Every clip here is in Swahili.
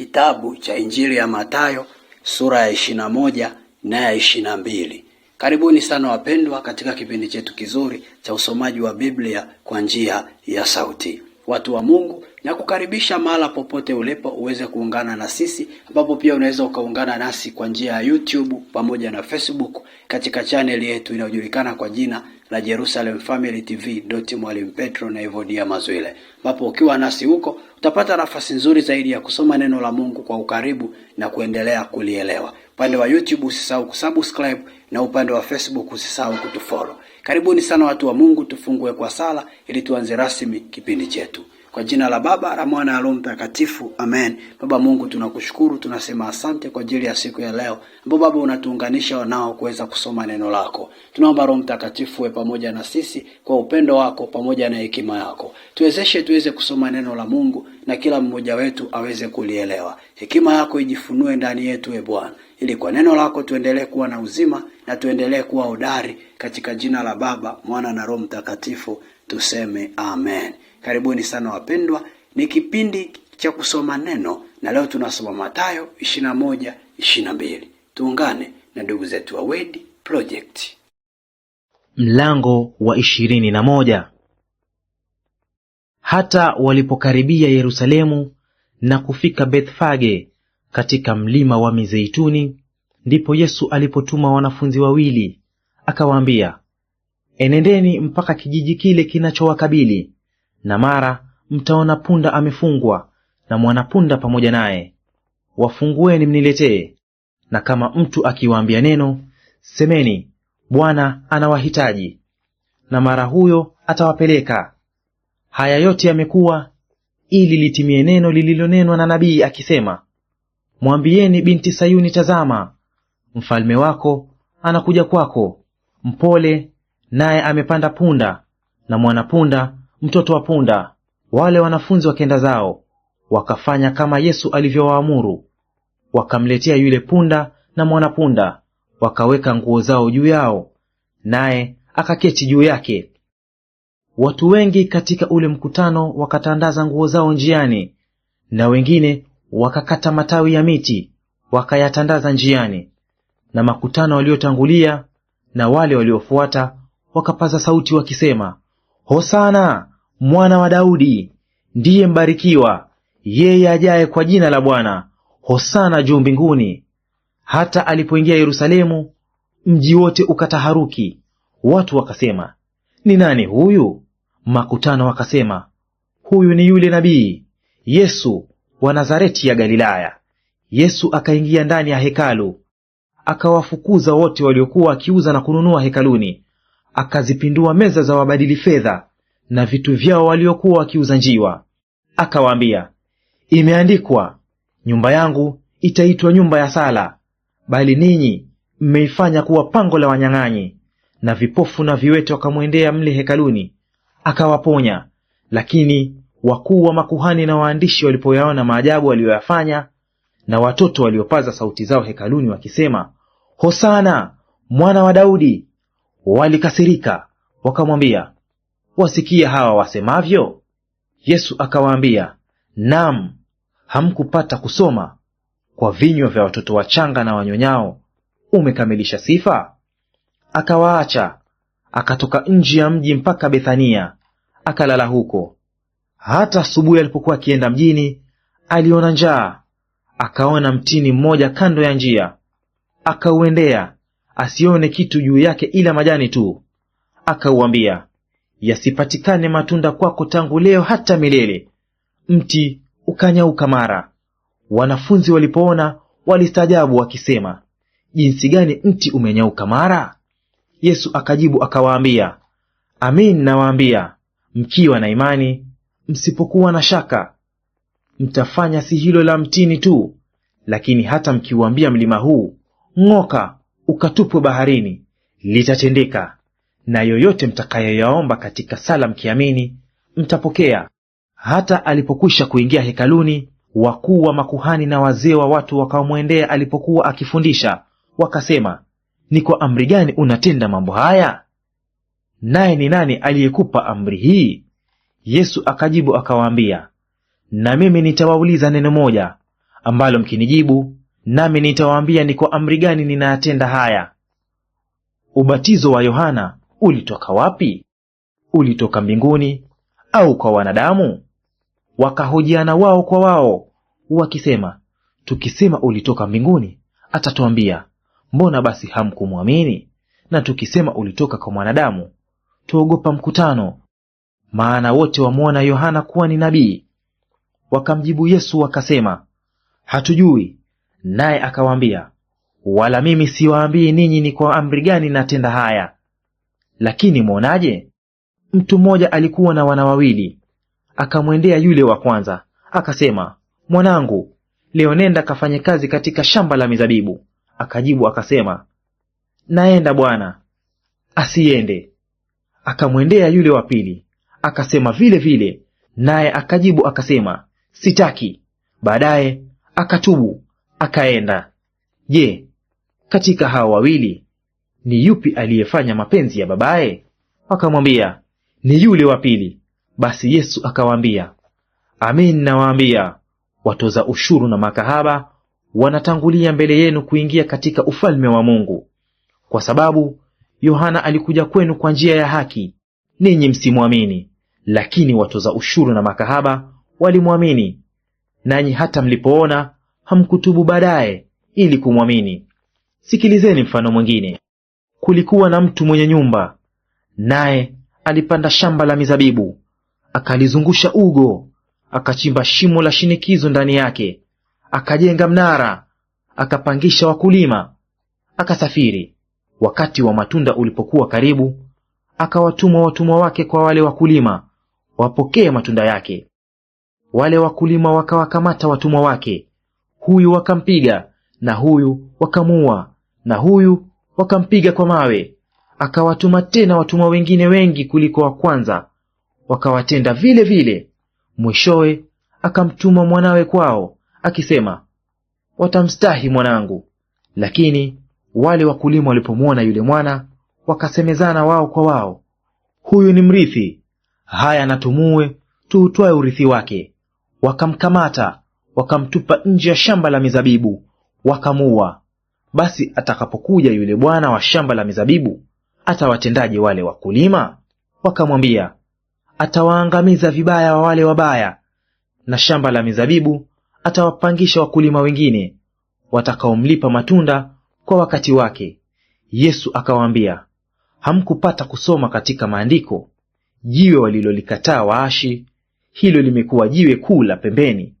kitabu cha Injili ya Mathayo sura ya ishirini na moja na ya ishirini na mbili. Karibuni sana wapendwa, katika kipindi chetu kizuri cha usomaji wa Biblia kwa njia ya sauti. Watu wa Mungu, na kukaribisha mahala popote ulipo uweze kuungana na sisi, ambapo pia unaweza ukaungana nasi kwa njia ya YouTube pamoja na Facebook katika chaneli yetu inayojulikana kwa jina la Jerusalem Family TV doti Mwalimu Petro na Evodia Mazwile, ambapo ukiwa nasi huko utapata nafasi nzuri zaidi ya kusoma neno la Mungu kwa ukaribu na kuendelea kulielewa. Upande wa YouTube usisahau kusubscribe na upande wa Facebook usisahau kutufollow. Karibuni sana watu wa Mungu, tufungue kwa sala ili tuanze rasmi kipindi chetu. Kwa jina la Baba la Mwana na Roho Mtakatifu, amen. Baba Mungu, tunakushukuru, tunasema asante kwa ajili ya siku ya leo, ambapo Baba unatuunganisha wanao kuweza kusoma neno lako. Tunaomba Roho Mtakatifu uwe pamoja na sisi kwa upendo wako pamoja na hekima yako, tuwezeshe tuweze kusoma neno la Mungu na kila mmoja wetu aweze kulielewa. Hekima yako ijifunue ndani yetu, e Bwana, ili kwa neno lako tuendelee kuwa na uzima na tuendelee kuwa hodari, katika jina la Baba, Mwana na Roho Mtakatifu tuseme amen. Karibuni sana wapendwa, ni kipindi cha kusoma neno na leo tunasoma Mathayo 21 22. Tuungane na ndugu zetu wa Word Project. Mlango wa 21. Hata walipokaribia Yerusalemu na kufika Bethfage katika mlima wa Mizeituni, ndipo Yesu alipotuma wanafunzi wawili, akawaambia, enendeni mpaka kijiji kile kinachowakabili na mara mtaona punda amefungwa na mwanapunda pamoja naye; wafungueni mniletee. Na kama mtu akiwaambia neno, semeni, Bwana anawahitaji, na mara huyo atawapeleka. Haya yote yamekuwa ili litimie neno lililonenwa na nabii akisema, mwambieni binti Sayuni, tazama, mfalme wako anakuja kwako, mpole, naye amepanda punda na mwanapunda mtoto wa punda. Wale wanafunzi kenda zao, wakafanya kama Yesu alivyowaamuru. Wakamletea yule punda na mwanapunda, wakaweka nguo zao juu yao, naye akaketi juu yake. Watu wengi katika ule mkutano wakatandaza nguo zao njiani, na wengine wakakata matawi ya miti wakayatandaza njiani. Na makutano waliotangulia na wale waliofuata wakapaza sauti wakisema, Hosana! mwana wa Daudi, ndiye mbarikiwa yeye ajaye kwa jina la Bwana, hosana juu mbinguni. Hata alipoingia Yerusalemu, mji wote ukataharuki. Watu wakasema, ni nani huyu? Makutano wakasema, huyu ni yule nabii Yesu wa Nazareti ya Galilaya. Yesu akaingia ndani ya hekalu, akawafukuza wote waliokuwa wakiuza na kununua hekaluni, akazipindua meza za wabadili fedha na vitu vyao waliokuwa wakiuza njiwa. Akawaambia, imeandikwa, nyumba yangu itaitwa nyumba ya sala, bali ninyi mmeifanya kuwa pango la wanyang'anyi. Na vipofu na viwete wakamwendea mle hekaluni, akawaponya. Lakini wakuu wa makuhani na waandishi walipoyaona maajabu aliyoyafanya, na watoto waliopaza sauti zao hekaluni wakisema, Hosana mwana wa Daudi, walikasirika wakamwambia, wasikia hawa wasemavyo? Yesu akawaambia, Naam, hamkupata kusoma kwa vinywa vya watoto wachanga na wanyonyao umekamilisha sifa? Akawaacha, akatoka nje ya mji mpaka Bethania, akalala huko. Hata asubuhi alipokuwa akienda mjini, aliona njaa. Akaona mtini mmoja kando ya njia, akauendea, asione kitu juu yake ila majani tu. Akauambia, yasipatikane matunda kwako tangu leo hata milele. Mti ukanyauka mara. Wanafunzi walipoona walistaajabu, wakisema, jinsi gani mti umenyauka mara? Yesu akajibu akawaambia, amin nawaambia, mkiwa na imani, msipokuwa na shaka, mtafanya si hilo la mtini tu, lakini hata mkiuambia mlima huu ng'oka, ukatupwe baharini, litatendeka na yoyote mtakayoyaomba katika sala mkiamini, mtapokea. Hata alipokwisha kuingia hekaluni, wakuu wa makuhani na wazee wa watu wakamwendea alipokuwa akifundisha, wakasema, ni kwa amri gani unatenda mambo haya? Naye ni nani aliyekupa amri hii? Yesu akajibu akawaambia, na mimi nitawauliza neno moja, ambalo mkinijibu, nami nitawaambia ni kwa amri gani ninayatenda haya. Ubatizo wa Yohana ulitoka wapi? Ulitoka mbinguni au kwa wanadamu? Wakahojiana wao kwa wao wakisema, tukisema ulitoka mbinguni, atatuambia mbona basi hamkumwamini? Na tukisema ulitoka kwa mwanadamu, tuogopa mkutano, maana wote wamwona Yohana kuwa ni nabii. Wakamjibu Yesu wakasema, hatujui. Naye akawaambia, wala mimi siwaambii ninyi ni kwa amri gani natenda haya lakini mwonaje? Mtu mmoja alikuwa na wana wawili. Akamwendea yule wa kwanza akasema, mwanangu, leo nenda kafanye kazi katika shamba la mizabibu. Akajibu akasema, naenda bwana. Asiende. Akamwendea yule wa pili akasema vile vile, naye akajibu akasema, sitaki. Baadaye akatubu akaenda. Je, katika hao wawili ni yupi aliyefanya mapenzi ya babaye? Wakamwambia, ni yule wa pili. Basi Yesu akawaambia, amin nawaambia, watoza ushuru na makahaba wanatangulia mbele yenu kuingia katika ufalme wa Mungu, kwa sababu Yohana alikuja kwenu kwa njia ya haki, ninyi msimwamini; lakini watoza ushuru na makahaba walimwamini, nanyi hata mlipoona hamkutubu baadaye ili kumwamini. Sikilizeni mfano mwingine kulikuwa na mtu mwenye nyumba, naye alipanda shamba la mizabibu, akalizungusha ugo, akachimba shimo la shinikizo ndani yake, akajenga mnara, akapangisha wakulima, akasafiri. Wakati wa matunda ulipokuwa karibu, akawatuma watumwa wake kwa wale wakulima wapokee matunda yake. Wale wakulima wakawakamata watumwa wake, huyu wakampiga na huyu wakamuua, na huyu wakampiga kwa mawe. Akawatuma tena watumwa wengine wengi kuliko wa kwanza, wakawatenda vile vile. Mwishowe akamtuma mwanawe kwao, akisema, watamstahi mwanangu. Lakini wale wakulima walipomwona yule mwana, wakasemezana wao kwa wao, huyu ni mrithi, haya natumue tuutwae urithi wake. Wakamkamata wakamtupa nje ya shamba la mizabibu, wakamuua. Basi atakapokuja yule bwana wa shamba la mizabibu, atawatendaje wale wakulima? Wakamwambia, atawaangamiza vibaya wa wale wabaya, na shamba la mizabibu atawapangisha wakulima wengine watakaomlipa matunda kwa wakati wake. Yesu akawaambia, hamkupata kusoma katika maandiko, jiwe walilolikataa waashi, hilo limekuwa jiwe kuu la pembeni.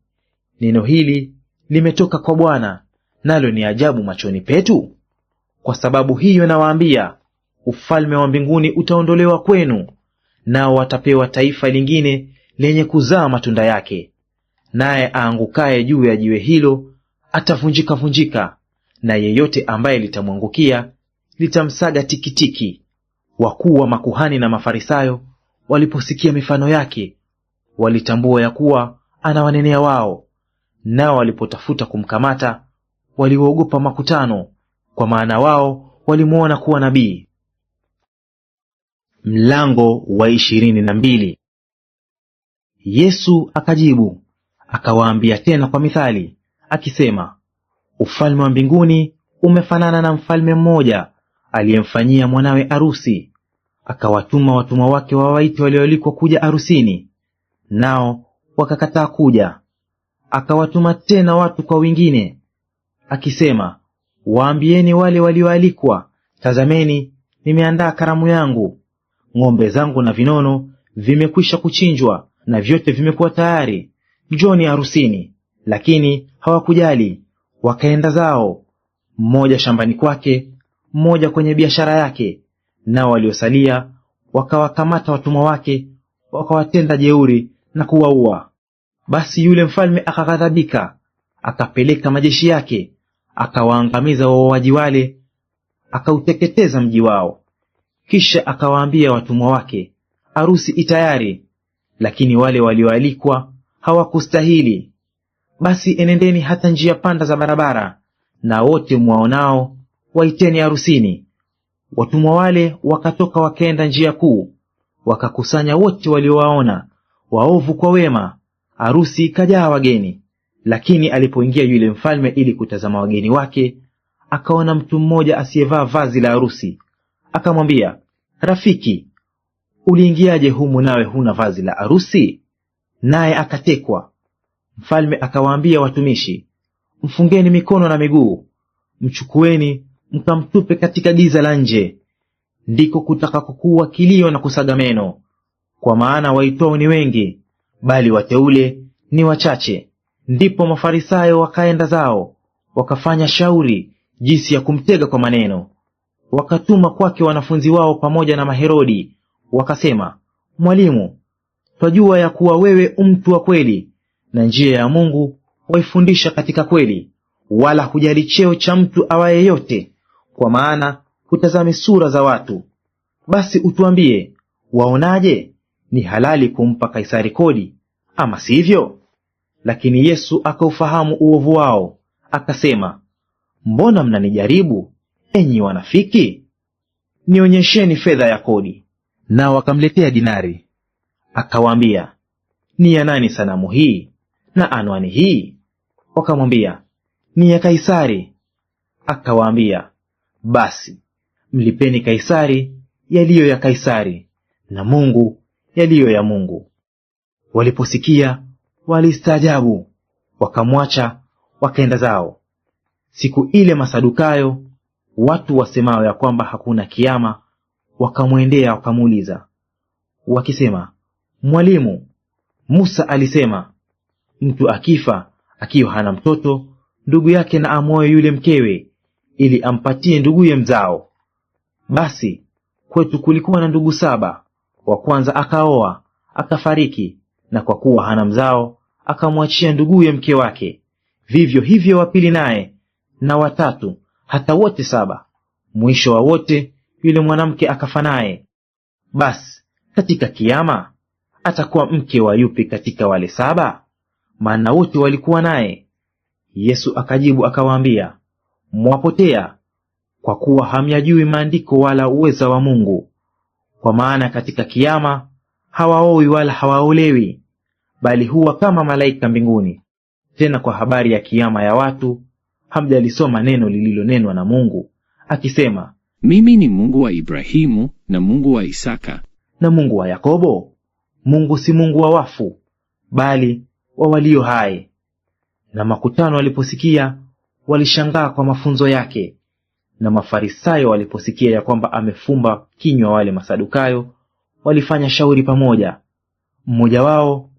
Neno hili limetoka kwa Bwana, nalo ni ajabu machoni petu? Kwa sababu hiyo nawaambia, ufalme wa mbinguni utaondolewa kwenu, nao watapewa taifa lingine lenye kuzaa matunda yake. Naye aangukaye juu ya jiwe hilo atavunjikavunjika, na yeyote ambaye litamwangukia litamsaga tikitiki. Wakuu wa makuhani na Mafarisayo waliposikia mifano yake, walitambua ya kuwa anawanenea wao, nao walipotafuta kumkamata waliogopa makutano, kwa maana wao walimwona kuwa nabii. Mlango wa ishirini na mbili. Yesu akajibu akawaambia tena kwa mithali akisema, ufalme wa mbinguni umefanana na mfalme mmoja aliyemfanyia mwanawe arusi, akawatuma watumwa wake wawaite walioalikwa kuja arusini, nao wakakataa kuja. Akawatuma tena watu kwa wengine akisema, waambieni wale walioalikwa, tazameni, nimeandaa karamu yangu, ng'ombe zangu na vinono vimekwisha kuchinjwa na vyote vimekuwa tayari, njoni harusini. Lakini hawakujali, wakaenda zao, mmoja shambani kwake, mmoja kwenye biashara yake, nao waliosalia wakawakamata watumwa wake, wakawatenda jeuri na kuwaua. Basi yule mfalme akaghadhabika, akapeleka majeshi yake akawaangamiza wauaji wale, akauteketeza mji wao. Kisha akawaambia watumwa wake, arusi itayari, lakini wale walioalikwa hawakustahili. Basi enendeni hata njia panda za barabara, na wote mwaonao waiteni harusini. Watumwa wale wakatoka wakaenda njia kuu, wakakusanya wote waliowaona, waovu kwa wema, arusi ikajaa wageni. Lakini alipoingia yule mfalme ili kutazama wageni wake, akaona mtu mmoja asiyevaa vazi la harusi. Akamwambia, rafiki, uliingiaje humu nawe huna vazi la harusi? Naye akatekwa. Mfalme akawaambia watumishi, mfungeni mikono na miguu, mchukueni mkamtupe katika giza la nje, ndiko kutakakokuwa kilio na kusaga meno, kwa maana waitwao ni wengi, bali wateule ni wachache. Ndipo Mafarisayo wakaenda zao wakafanya shauri jinsi ya kumtega kwa maneno. Wakatuma kwake wanafunzi wao pamoja na Maherodi, wakasema, Mwalimu, twajua ya kuwa wewe mtu wa kweli na njia ya Mungu waifundisha katika kweli, wala hujali cheo cha mtu awaye yote, kwa maana hutazami sura za watu. Basi utuambie, waonaje? Ni halali kumpa Kaisari kodi ama sivyo? Lakini Yesu akaufahamu uovu wao, akasema, mbona mnanijaribu, enyi wanafiki? Nionyesheni fedha ya kodi. Nao akamletea dinari. Akawaambia, ni ya nani sanamu hii na anwani hii? Wakamwambia, ni ya Kaisari. Akawaambia, basi mlipeni Kaisari yaliyo ya Kaisari, na Mungu yaliyo ya Mungu. Waliposikia walistaajabu, wakamwacha wakaenda zao. Siku ile Masadukayo, watu wasemao ya kwamba hakuna kiama, wakamwendea wakamuuliza wakisema, Mwalimu, Musa alisema mtu akifa akiwa hana mtoto, ndugu yake na amwoe yule mkewe, ili ampatie nduguye mzao. Basi kwetu kulikuwa na ndugu saba, wa kwanza akaoa akafariki, na kwa kuwa hana mzao akamwachia nduguye mke wake, vivyo hivyo wa pili naye na watatu, hata wote saba. Mwisho wa wote yule mwanamke akafa naye. Basi katika kiama atakuwa mke wa yupi katika wale saba? Maana wote walikuwa naye. Yesu akajibu akawaambia, mwapotea kwa kuwa hamyajui maandiko wala uweza wa Mungu. Kwa maana katika kiama hawaoi wala hawaolewi bali huwa kama malaika mbinguni. Tena kwa habari ya kiama ya watu, hamjalisoma neno lililonenwa na Mungu akisema, mimi ni Mungu wa Ibrahimu na Mungu wa Isaka na Mungu wa Yakobo. Mungu si Mungu wa wafu, bali wa walio hai. Na makutano waliposikia walishangaa kwa mafunzo yake. Na Mafarisayo waliposikia ya kwamba amefumba kinywa wale Masadukayo, walifanya shauri pamoja, mmoja wao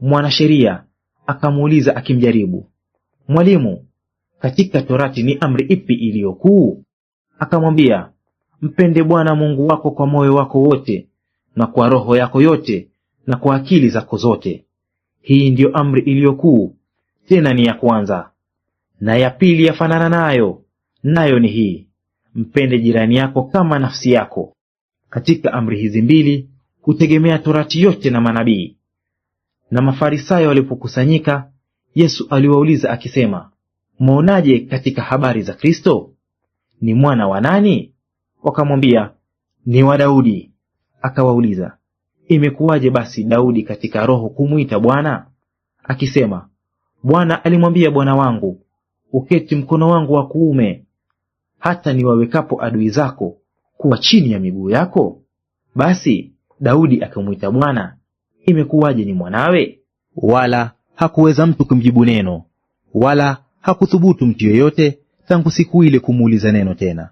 Mwanasheria akamuuliza akimjaribu, Mwalimu, katika Torati ni amri ipi iliyokuu? Akamwambia, mpende Bwana Mungu wako kwa moyo wako wote na kwa roho yako yote na kwa akili zako zote. Hii ndiyo amri iliyokuu, tena ni ya kwanza. Na ya pili yafanana nayo, nayo ni hii, mpende jirani yako kama nafsi yako. Katika amri hizi mbili hutegemea Torati yote na manabii. Na Mafarisayo walipokusanyika, Yesu aliwauliza akisema, mwaonaje katika habari za Kristo? Ni mwana wa nani? Wakamwambia, ni wa Daudi. Akawauliza, imekuwaje basi Daudi katika roho kumwita Bwana akisema, Bwana alimwambia Bwana wangu, uketi mkono wangu wa kuume hata niwawekapo adui zako kuwa chini ya miguu yako? Basi Daudi akamwita Bwana imekuwaje ni mwanawe? Wala hakuweza mtu kumjibu neno, wala hakuthubutu mtu yeyote tangu siku ile kumuuliza neno tena.